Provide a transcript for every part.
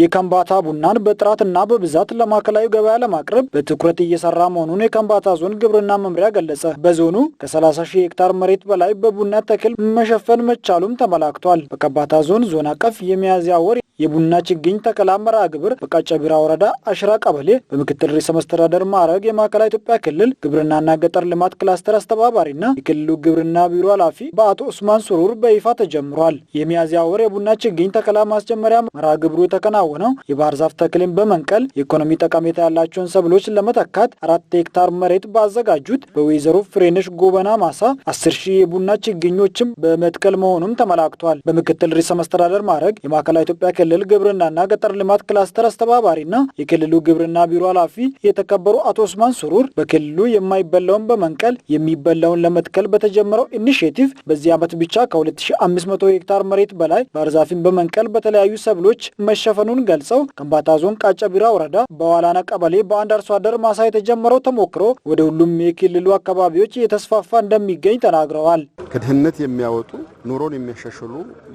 የከምባታ ቡናን በጥራትና በብዛት ለማዕከላዊ ገበያ ለማቅረብ በትኩረት እየሰራ መሆኑን የከምባታ ዞን ግብርና መምሪያ ገለጸ። በዞኑ ከ30 ሺህ ሄክታር መሬት በላይ በቡና ተክል መሸፈን መቻሉም ተመላክቷል። በከምባታ ዞን ዞን አቀፍ የሚያዝያ ወር የቡና ችግኝ ተከላ መርሃ ግብር በቃጫ ቢራ ወረዳ አሽራ ቀበሌ በምክትል ርዕሰ መስተዳደር ማዕረግ የማዕከላዊ ኢትዮጵያ ክልል ግብርናና ገጠር ልማት ክላስተር አስተባባሪና የክልሉ ግብርና ቢሮ ኃላፊ በአቶ ኡስማን ሱሩር በይፋ ተጀምሯል። የሚያዝያ ወር የቡና ችግኝ ተከላ ማስጀመሪያ መርሃ ግብሩ የተከናወነው የባህር ዛፍ ተክልን በመንቀል የኢኮኖሚ ጠቀሜታ ያላቸውን ሰብሎች ለመተካት አራት ሄክታር መሬት ባዘጋጁት በወይዘሮ ፍሬነሽ ጎበና ማሳ አስር ሺህ የቡና ችግኞችም በመትከል መሆኑም ተመላክቷል። በምክትል ርዕሰ መስተዳደር ማዕረግ የማዕከላዊ ኢትዮጵያ ክልል ክልል ግብርናና ገጠር ልማት ክላስተር አስተባባሪና የክልሉ ግብርና ቢሮ ኃላፊ የተከበሩ አቶ ኡስማን ሱሩር በክልሉ የማይበላውን በመንቀል የሚበላውን ለመትከል በተጀመረው ኢኒሽቲቭ በዚህ ዓመት ብቻ ከ2500 ሄክታር መሬት በላይ ባህር በመንቀል በተለያዩ ሰብሎች መሸፈኑን ገልጸው ከምባታ ዞን ቃጨ ቢራ ወረዳ በዋላና ቀበሌ በአንድ አርሶ አደር ማሳ የተጀመረው ተሞክሮ ወደ ሁሉም የክልሉ አካባቢዎች እየተስፋፋ እንደሚገኝ ተናግረዋል። ከድህነት የሚያወጡ ኑሮን የሚያሻሽሉ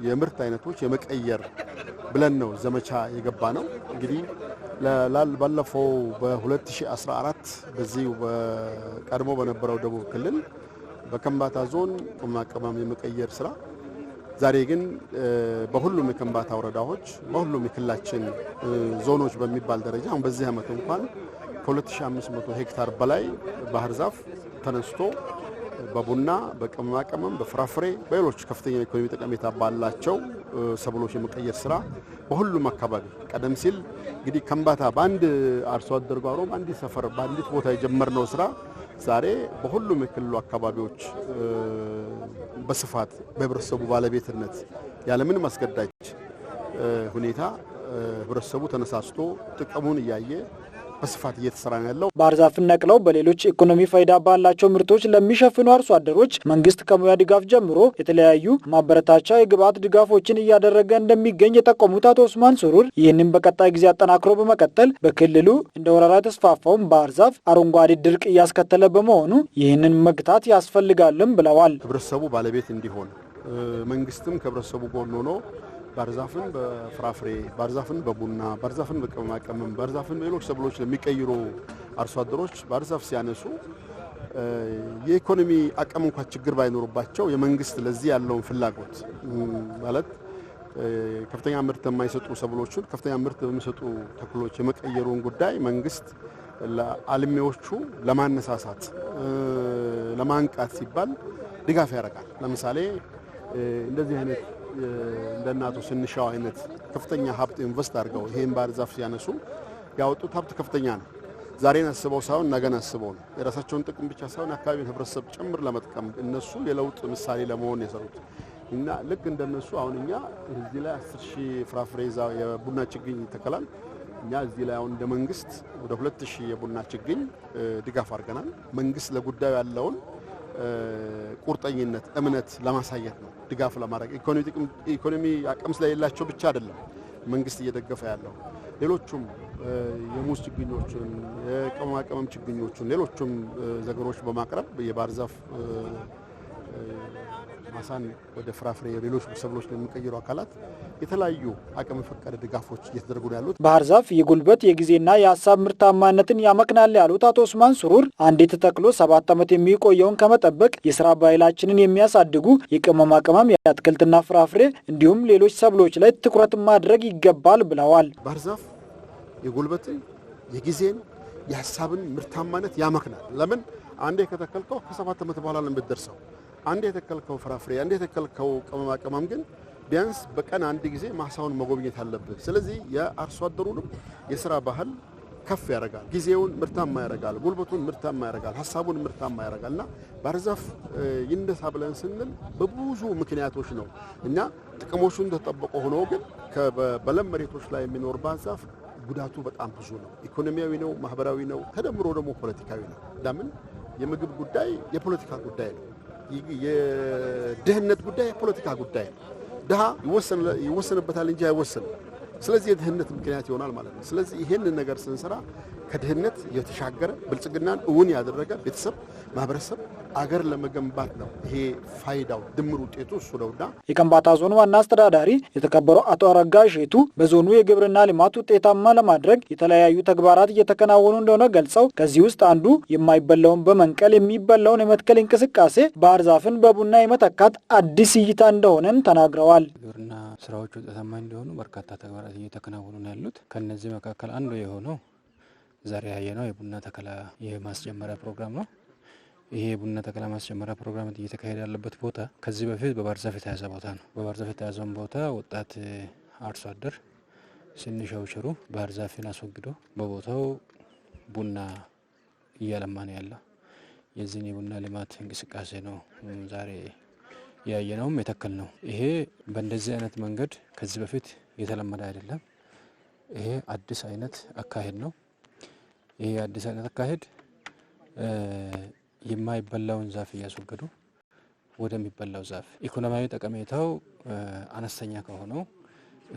የምርት አይነቶች የመቀየር ብለን ነው ዘመቻ የገባ ነው። እንግዲህ ባለፈው በ2014 በዚህ ቀድሞ በነበረው ደቡብ ክልል በከምባታ ዞን ቁም አቀማም የመቀየር ስራ ዛሬ ግን በሁሉም የከምባታ ወረዳዎች በሁሉም የክልላችን ዞኖች በሚባል ደረጃ አሁን በዚህ ዓመት እንኳን ከ2500 ሄክታር በላይ ባህር ዛፍ ተነስቶ በቡና በቅመማ ቅመም በፍራፍሬ በሌሎች ከፍተኛ ኢኮኖሚ ጠቀሜታ ባላቸው ሰብሎች የመቀየር ስራ በሁሉም አካባቢ ቀደም ሲል እንግዲህ ከምባታ በአንድ አርሶ አደር ጓሮ በአንዲት ሰፈር በአንዲት ቦታ የጀመርነው ስራ ዛሬ በሁሉም የክልሉ አካባቢዎች በስፋት በህብረተሰቡ ባለቤትነት ያለምንም አስገዳጅ ሁኔታ ህብረተሰቡ ተነሳስቶ ጥቅሙን እያየ በስፋት እየተሰራ ነው ያለው። ባህር ዛፍን ነቅለው በሌሎች ኢኮኖሚ ፋይዳ ባላቸው ምርቶች ለሚሸፍኑ አርሶ አደሮች መንግስት ከሙያ ድጋፍ ጀምሮ የተለያዩ ማበረታቻ የግብዓት ድጋፎችን እያደረገ እንደሚገኝ የጠቆሙት አቶ ኡስማን ስሩር ይህንም በቀጣይ ጊዜ አጠናክሮ በመቀጠል በክልሉ እንደ ወረራ የተስፋፋውን ባህር ዛፍ አረንጓዴ ድርቅ እያስከተለ በመሆኑ ይህንን መግታት ያስፈልጋልም ብለዋል። ህብረተሰቡ ባለቤት እንዲሆን መንግስትም ከህብረተሰቡ ጎን ሆኖ ባርዛፍን በፍራፍሬ ባርዛፍን በቡና ባርዛፍን በቅመማ ቅመም ባርዛፍን በሌሎች ሰብሎች ለሚቀይሩ አርሶ አደሮች ባርዛፍ ሲያነሱ የኢኮኖሚ አቅም እንኳ ችግር ባይኖርባቸው የመንግስት ለዚህ ያለውን ፍላጎት ማለት ከፍተኛ ምርት የማይሰጡ ሰብሎችን ከፍተኛ ምርት በሚሰጡ ተክሎች የመቀየሩን ጉዳይ መንግስት ለአልሚዎቹ ለማነሳሳት ለማንቃት ሲባል ድጋፍ ያደርጋል። ለምሳሌ እንደዚህ አይነት እንደ እናቱ ስንሻው አይነት ከፍተኛ ሀብት ኢንቨስት አድርገው ይህን ባህር ዛፍ ሲያነሱ ያወጡት ሀብት ከፍተኛ ነው። ዛሬን አስበው ሳይሆን ነገን አስበው ነው። የራሳቸውን ጥቅም ብቻ ሳይሆን አካባቢውን ህብረተሰብ ጭምር ለመጥቀም እነሱ የለውጥ ምሳሌ ለመሆን የሰሩት እና ልክ እንደነሱ አሁን እኛ እዚህ ላይ አስር ሺህ ፍራፍሬ የቡና ችግኝ ይተከላል። እኛ እዚህ ላይ አሁን እንደ መንግስት ወደ ሁለት ሺህ የቡና ችግኝ ድጋፍ አድርገናል። መንግስት ለጉዳዩ ያለውን ቁርጠኝነት፣ እምነት ለማሳየት ነው፣ ድጋፍ ለማድረግ ኢኮኖሚ አቅም ስለሌላቸው ብቻ አይደለም መንግስት እየደገፈ ያለው ሌሎቹም የሙዝ ችግኞቹን የቅመማ ቅመም ችግኞቹን ሌሎቹም ዘገሮች በማቅረብ የባህር ዛፍ ማሳን ወደ ፍራፍሬ፣ ሌሎች ሰብሎች የሚቀይሩ አካላት የተለያዩ አቅም ፈቀደ ድጋፎች እየተደረጉ ነው ያሉት። ባህር ዛፍ የጉልበት የጊዜና የሀሳብ ምርታማነትን ያመክናል ያሉት አቶ ኡስማን ስሩር አንዴ ተተክሎ ሰባት ዓመት የሚቆየውን ከመጠበቅ የስራ ባህላችንን የሚያሳድጉ የቅመማ ቅመም፣ የአትክልትና ፍራፍሬ እንዲሁም ሌሎች ሰብሎች ላይ ትኩረት ማድረግ ይገባል ብለዋል። ባህር ዛፍ የጉልበትን የጊዜን የሀሳብን ምርታማነት ያመክናል። ለምን አንዴ ከተከልከው ከሰባት ዓመት በኋላ ነው የምትደርሰው። አንድ የተከልከው ፍራፍሬ አንድ የተከልከው ቅመማ ቅመም ግን ቢያንስ በቀን አንድ ጊዜ ማሳውን መጎብኘት አለብህ። ስለዚህ የአርሶ አደሩንም የስራ ባህል ከፍ ያደርጋል። ጊዜውን ምርታማ ያደርጋል። ጉልበቱን ምርታማ ያደርጋል። ሀሳቡን ምርታማ ያደርጋል እና ባህር ይነሳ ብለን ስንል በብዙ ምክንያቶች ነው እኛ ጥቅሞቹን ተጠብቆ ሆኖ ግን በለም መሬቶች ላይ የሚኖር ባህር ጉዳቱ በጣም ብዙ ነው። ኢኮኖሚያዊ ነው፣ ማህበራዊ ነው፣ ተደምሮ ደግሞ ፖለቲካዊ ነው። ለምን የምግብ ጉዳይ የፖለቲካ ጉዳይ ነው። የደህንነት ጉዳይ የፖለቲካ ጉዳይ ነው። ድሃ ይወሰንበታል እንጂ አይወሰንም። ስለዚህ የድህነት ምክንያት ይሆናል ማለት ነው። ስለዚህ ይህንን ነገር ስንሰራ ከድህነት የተሻገረ ብልጽግናን እውን ያደረገ ቤተሰብ ማህበረሰብ አገር ለመገንባት ነው። ይሄ ፋይዳው ድምር ውጤቱ እሱ ነውና የከምባታ ዞን ዋና አስተዳዳሪ የተከበረው አቶ አረጋ ሼቱ በዞኑ የግብርና ልማት ውጤታማ ለማድረግ የተለያዩ ተግባራት እየተከናወኑ እንደሆነ ገልጸው ከዚህ ውስጥ አንዱ የማይበላውን በመንቀል የሚበላውን የመትከል እንቅስቃሴ ባህር ዛፍን በቡና የመተካት አዲስ እይታ እንደሆነም ተናግረዋል። ግብርና ስራዎች ውጤታማ እንዲሆኑ በርካታ ተግባራት እየተከናወኑ ነው ያሉት። ከነዚህ መካከል አንዱ የሆነው ዛሬ ያየነው የቡና ተከላ የማስጀመሪያ ፕሮግራም ነው። ይሄ የቡና ተከላ ማስጀመሪያ ፕሮግራም እየተካሄደ ያለበት ቦታ ከዚህ በፊት በባህር የተያዘ ቦታ ነው። በባህር የተያዘውን ቦታ ወጣት አርሶ አደር ስንሻው ችሩ አስወግዶ በቦታው ቡና እያለማ ነው ያለ። የዚህን የቡና ልማት እንቅስቃሴ ነው ዛሬ ነውም የተክል ነው። ይሄ በእንደዚህ አይነት መንገድ ከዚህ በፊት የተለመደ አይደለም። ይሄ አዲስ አይነት አካሄድ ነው። ይሄ አዲስ አይነት አካሄድ የማይበላውን ዛፍ እያስወገዱ ወደሚበላው ዛፍ ኢኮኖሚያዊ ጠቀሜታው አነስተኛ ከሆነው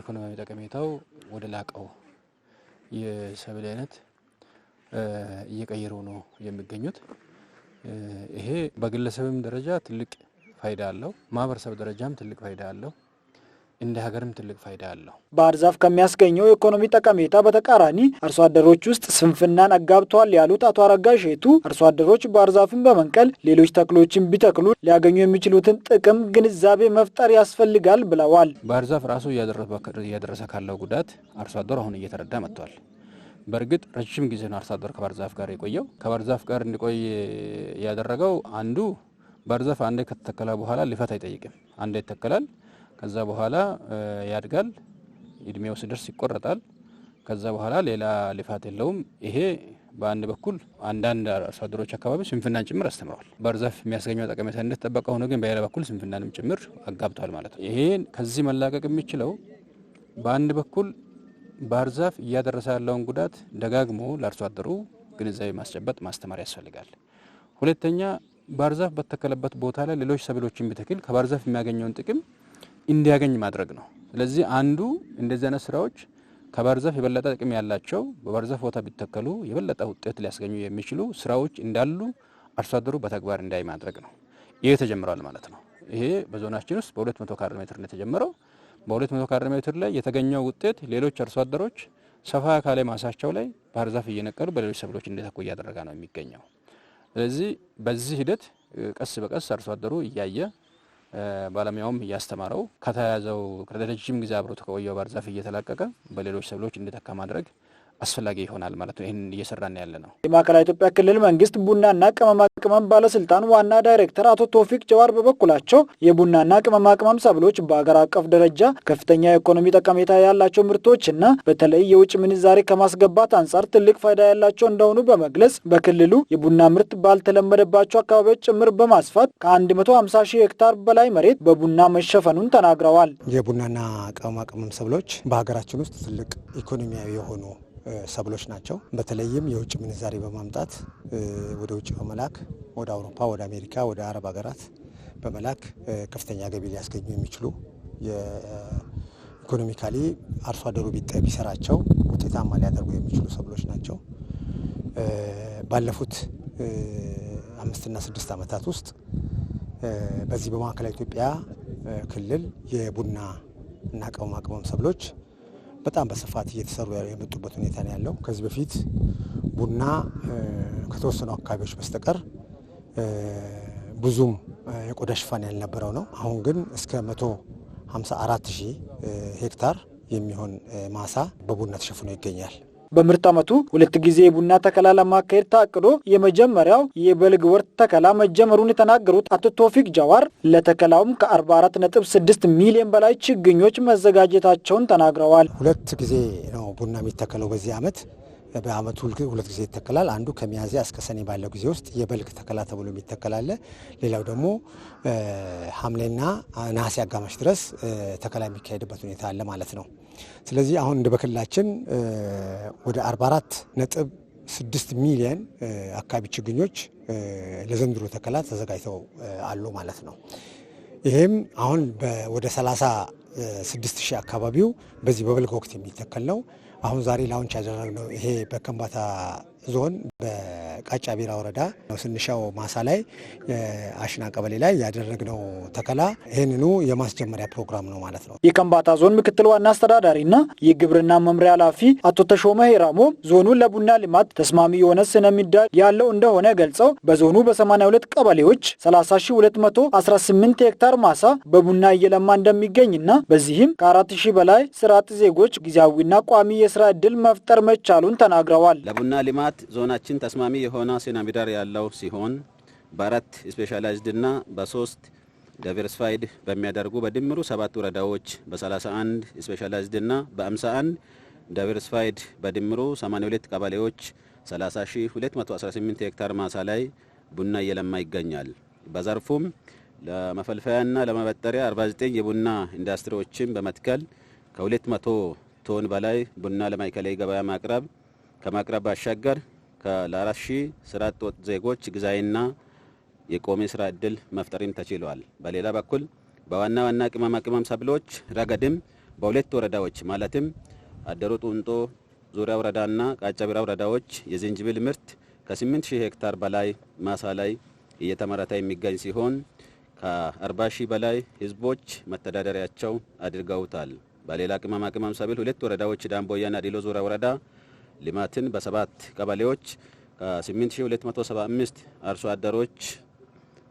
ኢኮኖሚያዊ ጠቀሜታው ወደ ላቀው የሰብል አይነት እየቀየሩ ነው የሚገኙት። ይሄ በግለሰብም ደረጃ ትልቅ ፋይዳ አለው፣ ማህበረሰብ ደረጃም ትልቅ ፋይዳ አለው። እንደ ሀገርም ትልቅ ፋይዳ አለው። ባህር ዛፍ ከሚያስገኘው የኢኮኖሚ ጠቀሜታ በተቃራኒ አርሶ አደሮች ውስጥ ስንፍናን አጋብተዋል ያሉት አቶ አረጋ ሼቱ አርሶ አደሮች ባህር ዛፍን በመንቀል ሌሎች ተክሎችን ቢተክሉ ሊያገኙ የሚችሉትን ጥቅም ግንዛቤ መፍጠር ያስፈልጋል ብለዋል። ባህር ዛፍ ራሱ እያደረሰ ካለው ጉዳት አርሶ አደሩ አሁን እየተረዳ መጥቷል። በእርግጥ ረጅም ጊዜ ነው አርሶ አደር ከባህር ዛፍ ጋር የቆየው። ከባህር ዛፍ ጋር እንዲቆይ ያደረገው አንዱ ባህር ዛፍ አንዴ ከተተከለ በኋላ ልፈት አይጠይቅም። አንዴ ይተከላል ከዛ በኋላ ያድጋል። እድሜው ሲደርስ ይቆረጣል። ከዛ በኋላ ሌላ ልፋት የለውም። ይሄ በአንድ በኩል አንዳንድ አርሶ አደሮች አካባቢ ስንፍናን ጭምር አስተምረዋል። ባህር ዛፍ የሚያስገኘው ጠቀሜታ እንደተጠበቀ ሆኖ ግን በሌላ በኩል ስንፍናንም ጭምር አጋብቷል ማለት ነው። ይሄ ከዚህ መላቀቅ የሚችለው በአንድ በኩል ባህርዛፍ እያደረሰ ያለውን ጉዳት ደጋግሞ ለአርሶ አደሩ ግንዛቤ ማስጨበጥ ማስተማር ያስፈልጋል። ሁለተኛ ባህርዛፍ በተከለበት ቦታ ላይ ሌሎች ሰብሎችን ቢተክል ከባርዛፍ የሚያገኘውን ጥቅም እንዲያገኝ ማድረግ ነው። ስለዚህ አንዱ እንደዚህ አይነት ስራዎች ከባርዛፍ የበለጠ ጥቅም ያላቸው በባርዛፍ ቦታ ቢተከሉ የበለጠ ውጤት ሊያስገኙ የሚችሉ ስራዎች እንዳሉ አርሶ አደሩ በተግባር እንዳይ ማድረግ ነው። ይሄ ተጀምሯል ማለት ነው። ይሄ በዞናችን ውስጥ በሁለት መቶ ካሬ ሜትር ነው የተጀመረው በሁለት መቶ ካሬ ሜትር ላይ የተገኘው ውጤት ሌሎች አርሶ አደሮች ሰፋ ካለ ማሳቸው ላይ ባህርዛፍ እየነቀሉ በሌሎች ሰብሎች እንዲተኩ እያደረገ ነው የሚገኘው። ስለዚህ በዚህ ሂደት ቀስ በቀስ አርሶ አደሩ እያየ ባለሙያውም እያስተማረው ከተያያዘው ረጅም ጊዜ አብሮት ከቆየው ባህር ዛፍ እየተላቀቀ በሌሎች ሰብሎች እንዲተካ ማድረግ አስፈላጊ ይሆናል ማለት ነው። ይህን እየሰራን ያለ ነው። የማዕከላዊ ኢትዮጵያ ክልል መንግስት ቡናና ቅመማ ቅመም ባለስልጣን ዋና ዳይሬክተር አቶ ቶፊቅ ጀዋር በበኩላቸው የቡናና ቅመማ ቅመም ሰብሎች በሀገር አቀፍ ደረጃ ከፍተኛ የኢኮኖሚ ጠቀሜታ ያላቸው ምርቶች እና በተለይ የውጭ ምንዛሬ ከማስገባት አንጻር ትልቅ ፋይዳ ያላቸው እንደሆኑ በመግለጽ በክልሉ የቡና ምርት ባልተለመደባቸው አካባቢዎች ጭምር በማስፋት ከ150 ሺህ ሄክታር በላይ መሬት በቡና መሸፈኑን ተናግረዋል። የቡናና ቅመማ ቅመም ሰብሎች በሀገራችን ውስጥ ትልቅ ኢኮኖሚያዊ የሆኑ ሰብሎች ናቸው። በተለይም የውጭ ምንዛሬ በማምጣት ወደ ውጭ በመላክ ወደ አውሮፓ፣ ወደ አሜሪካ፣ ወደ አረብ ሀገራት በመላክ ከፍተኛ ገቢ ሊያስገኙ የሚችሉ ኢኮኖሚካሊ አርሶ አደሩ ቢሰራቸው ውጤታማ ሊያደርጉ የሚችሉ ሰብሎች ናቸው። ባለፉት አምስትና ስድስት ዓመታት ውስጥ በዚህ በማዕከላዊ ኢትዮጵያ ክልል የቡና እና ቅመማ ቅመም ሰብሎች በጣም በስፋት እየተሰሩ የመጡበት ሁኔታ ነው ያለው። ከዚህ በፊት ቡና ከተወሰኑ አካባቢዎች በስተቀር ብዙም የቆዳ ሽፋን ያልነበረው ነው። አሁን ግን እስከ 154 ሺህ ሄክታር የሚሆን ማሳ በቡና ተሸፍኖ ይገኛል። በምርት ዓመቱ ሁለት ጊዜ የቡና ተከላ ለማካሄድ ታቅዶ የመጀመሪያው የበልግ ወር ተከላ መጀመሩን የተናገሩት አቶ ቶፊክ ጃዋር ለተከላውም ከ44.6 ሚሊዮን በላይ ችግኞች መዘጋጀታቸውን ተናግረዋል። ሁለት ጊዜ ነው ቡና የሚተከለው በዚህ ዓመት በአመቱ ሁለት ጊዜ ይተከላል። አንዱ ከሚያዝያ እስከ ሰኔ ባለው ጊዜ ውስጥ የበልግ ተከላ ተብሎ የሚተከላለ፣ ሌላው ደግሞ ሐምሌና ነሐሴ አጋማሽ ድረስ ተከላ የሚካሄድበት ሁኔታ አለ ማለት ነው። ስለዚህ አሁን እንደ በክልላችን ወደ 44 ነጥብ ስድስት ሚሊየን አካባቢ ችግኞች ለዘንድሮ ተከላ ተዘጋጅተው አሉ ማለት ነው። ይህም አሁን ወደ 36 ሺህ አካባቢው በዚህ በበልግ ወቅት የሚተከል ነው። አሁን ዛሬ ላውንች ያደረግነው ይሄ በከንባታ ዞን በቃጫ ቢራ ወረዳ ስንሻው ማሳ ላይ አሽና ቀበሌ ላይ ያደረግነው ተከላ ይህንኑ የማስጀመሪያ ፕሮግራም ነው ማለት ነው። የከምባታ ዞን ምክትል ዋና አስተዳዳሪና የግብርና መምሪያ ኃላፊ አቶ ተሾመ ሄራሞ ዞኑን ለቡና ልማት ተስማሚ የሆነ ስነ ምህዳር ያለው እንደሆነ ገልጸው በዞኑ በ82 ቀበሌዎች 30218 ሄክታር ማሳ በቡና እየለማ እንደሚገኝና በዚህም ከ4000 በላይ ስርዓት ዜጎች ጊዜያዊና ቋሚ የስራ እድል መፍጠር መቻሉን ተናግረዋል። ለቡና ልማት ዞናችን ተስማሚ የሆነ ስነ ምህዳር ያለው ሲሆን በአራት ስፔሻላይዝድና በሶስት ዳይቨርስፋይድ በሚያደርጉ በድምሩ ሰባት ወረዳዎች በ31 እና በ51 ዳይቨርስፋይድ በድምሩ 82 ቀበሌዎች 30218 ሄክታር ማሳ ላይ ቡና እየለማ ይገኛል። በዘርፉም ለመፈልፈያና ለመበጠሪያ 49 የቡና ኢንዱስትሪዎችን በመትከል ከ200 ቶን በላይ ቡና ለማዕከላዊ ገበያ ማቅረብ ከማቅረብ ባሻገር ለአራት ሺህ ስራ አጥ ዜጎች ግዛይና የቆሜ ስራ እድል መፍጠርም ተችሏል። በሌላ በኩል በዋና ዋና ቅመማ ቅመም ሰብሎች ረገድም በሁለት ወረዳዎች ማለትም አደሮ ጡንጦ ዙሪያ ወረዳና ቃጫቢራ ወረዳዎች የዝንጅብል ምርት ከ8000 ሄክታር በላይ ማሳ ላይ እየተመረተ የሚገኝ ሲሆን ከ40 ሺህ በላይ ህዝቦች መተዳደሪያቸው አድርገውታል። በሌላ ቅመማ ቅመም ሰብል ሁለት ወረዳዎች ዳምቦያና ዲሎ ዙሪያ ወረዳ ልማትን በሰባት ቀበሌዎች ከ8275 አርሶ አደሮች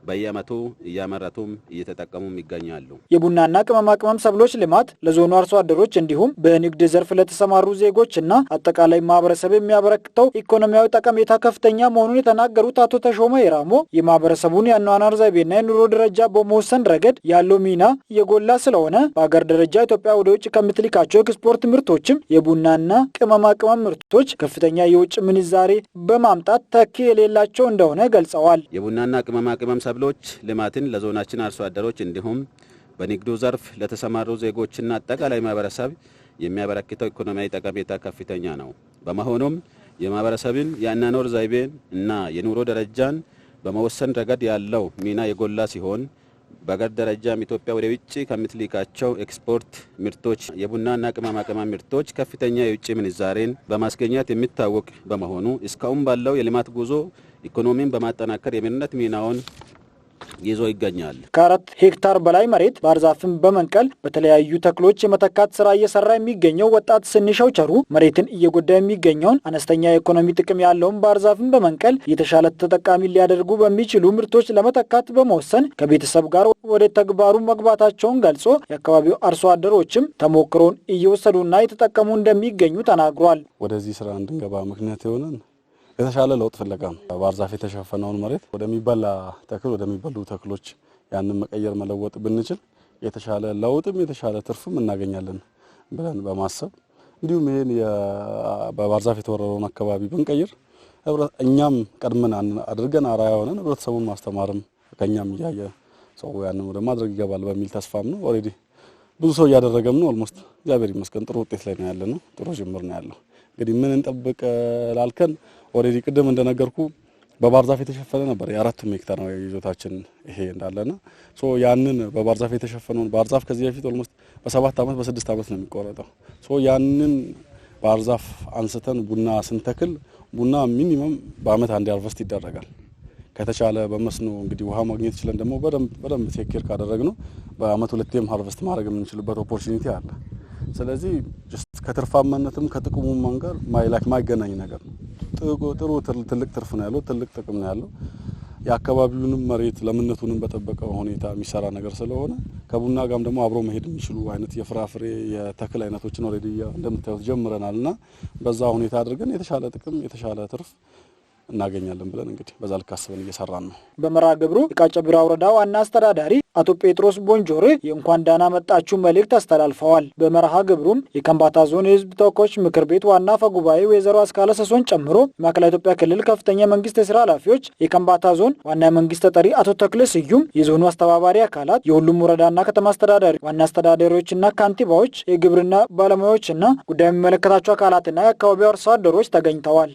በየአመቱ እያመረቱም እየተጠቀሙም ይገኛሉ። የቡናና ቅመማ ቅመም ሰብሎች ልማት ለዞኑ አርሶ አደሮች እንዲሁም በንግድ ዘርፍ ለተሰማሩ ዜጎች እና አጠቃላይ ማህበረሰብ የሚያበረክተው ኢኮኖሚያዊ ጠቀሜታ ከፍተኛ መሆኑን የተናገሩት አቶ ተሾመ የራሞ የማህበረሰቡን የአኗኗር ዘይቤና የኑሮ ደረጃ በመወሰን ረገድ ያለው ሚና የጎላ ስለሆነ በሀገር ደረጃ ኢትዮጵያ ወደ ውጭ ከምትልካቸው ኤክስፖርት ምርቶችም የቡናና ቅመማ ቅመም ምርቶች ከፍተኛ የውጭ ምንዛሬ በማምጣት ተኪ የሌላቸው እንደሆነ ገልጸዋል። የቡናና ቅመማ ቅመም ሰብሎች ልማትን ለዞናችን አርሶ አደሮች እንዲሁም በንግዱ ዘርፍ ለተሰማሩ ዜጎችና አጠቃላይ ማህበረሰብ የሚያበረክተው ኢኮኖሚያዊ ጠቀሜታ ከፍተኛ ነው። በመሆኑም የማህበረሰብን የአኗኗር ዘይቤን እና የኑሮ ደረጃን በመወሰን ረገድ ያለው ሚና የጎላ ሲሆን በአገር ደረጃም ኢትዮጵያ ወደ ውጭ ከምትልካቸው ኤክስፖርት ምርቶች የቡናና ቅመማ ቅመም ምርቶች ከፍተኛ የውጭ ምንዛሬን በማስገኘት የሚታወቅ በመሆኑ እስካሁን ባለው የልማት ጉዞ ኢኮኖሚን በማጠናከር የመሪነት ሚናውን ይዞ ይገኛል። ከአራት ሄክታር በላይ መሬት ባርዛፍን በመንቀል በተለያዩ ተክሎች የመተካት ስራ እየሰራ የሚገኘው ወጣት ስንሻው ቸሩ መሬትን እየጎዳ የሚገኘውን አነስተኛ የኢኮኖሚ ጥቅም ያለውን ባርዛፍን በመንቀል የተሻለ ተጠቃሚ ሊያደርጉ በሚችሉ ምርቶች ለመተካት በመወሰን ከቤተሰብ ጋር ወደ ተግባሩ መግባታቸውን ገልጾ የአካባቢው አርሶ አደሮችም ተሞክሮን እየወሰዱና የተጠቀሙ እንደሚገኙ ተናግሯል። ወደዚህ ስራ እንድንገባ ምክንያት የሆነን የተሻለ ለውጥ ፍለጋ ነው። ባህር ዛፍ የተሸፈነውን መሬት ወደሚበላ ተክል ወደሚበሉ ተክሎች ያንን መቀየር መለወጥ ብንችል የተሻለ ለውጥም የተሻለ ትርፍም እናገኛለን ብለን በማሰብ እንዲሁም ይህን በባህር ዛፍ የተወረረውን አካባቢ ብንቀይር እኛም ቀድመን አድርገን አርአያ ሆነን ህብረተሰቡን ማስተማርም ከኛም እያየ ሰው ያንን ወደ ማድረግ ይገባል በሚል ተስፋም ነው። ኦልሬዲ ብዙ ሰው እያደረገም ነው። ኦልሞስት እግዚአብሔር ይመስገን ጥሩ ውጤት ላይ ነው ያለ ነው። ጥሩ ጅምር ነው ያለው። እንግዲህ ምን እንጠብቅ ላልከን ኦልሬዲ ቅድም እንደነገርኩ በባርዛፍ የተሸፈነ ነበር። የአራቱም ሄክታር ነው ይዞታችን ይሄ እንዳለና ሶ ያንን በባርዛፍ የተሸፈነውን ባርዛፍ ከዚህ በፊት ኦልሞስት በሰባት አመት በስድስት ዓመት ነው የሚቆረጠው። ሶ ያንን ባርዛፍ አንስተን ቡና ስንተክል ቡና ሚኒመም በአመት አንድ አርቨስት ይደረጋል። ከተቻለ በመስኖ እንግዲህ ውሃ ማግኘት ይችለን ደግሞ በደንብ በደንብ ሴኪር ካደረግ ነው በአመት ሁለቴም ሃርቨስት ማድረግ የምንችልበት ኦፖርቹኒቲ አለ። ስለዚህ ከትርፋማነትም ከጥቅሙም መንገር ማይላክ ማይገናኝ ነገር ነው። ጥሩ ትልቅ ትርፍ ነው ያለው፣ ትልቅ ጥቅም ነው ያለው። የአካባቢውንም መሬት ለምነቱንም በጠበቀ ሁኔታ የሚሰራ ነገር ስለሆነ ከቡና ጋርም ደግሞ አብሮ መሄድ የሚችሉ አይነት የፍራፍሬ የተክል አይነቶችን ኦልሬዲ እንደምታዩት ጀምረናል እና በዛ ሁኔታ አድርገን የተሻለ ጥቅም የተሻለ ትርፍ እናገኛለን ብለን እንግዲህ በዛ ልክ አስበን እየሰራን ነው። በመርሃ ግብሩ የቃጨቢራ ወረዳ ዋና አስተዳዳሪ አቶ ጴጥሮስ ቦንጆሬ የእንኳን ዳና መጣችሁ መልእክት አስተላልፈዋል። በመርሃ ግብሩም የከምባታ ዞን የህዝብ ተወካዮች ምክር ቤት ዋና አፈ ጉባኤ ወይዘሮ አስካለ ሰሶን ጨምሮ ማዕከላዊ ኢትዮጵያ ክልል ከፍተኛ መንግስት የስራ ኃላፊዎች፣ የከምባታ ዞን ዋና መንግስት ተጠሪ አቶ ተክለ ስዩም፣ የዞኑ አስተባባሪ አካላት፣ የሁሉም ወረዳና ከተማ አስተዳዳሪ ዋና አስተዳዳሪዎችና ካንቲባዎች፣ የግብርና ባለሙያዎችና ጉዳይ የሚመለከታቸው አካላትና የአካባቢው አርሶ አደሮች ተገኝተዋል።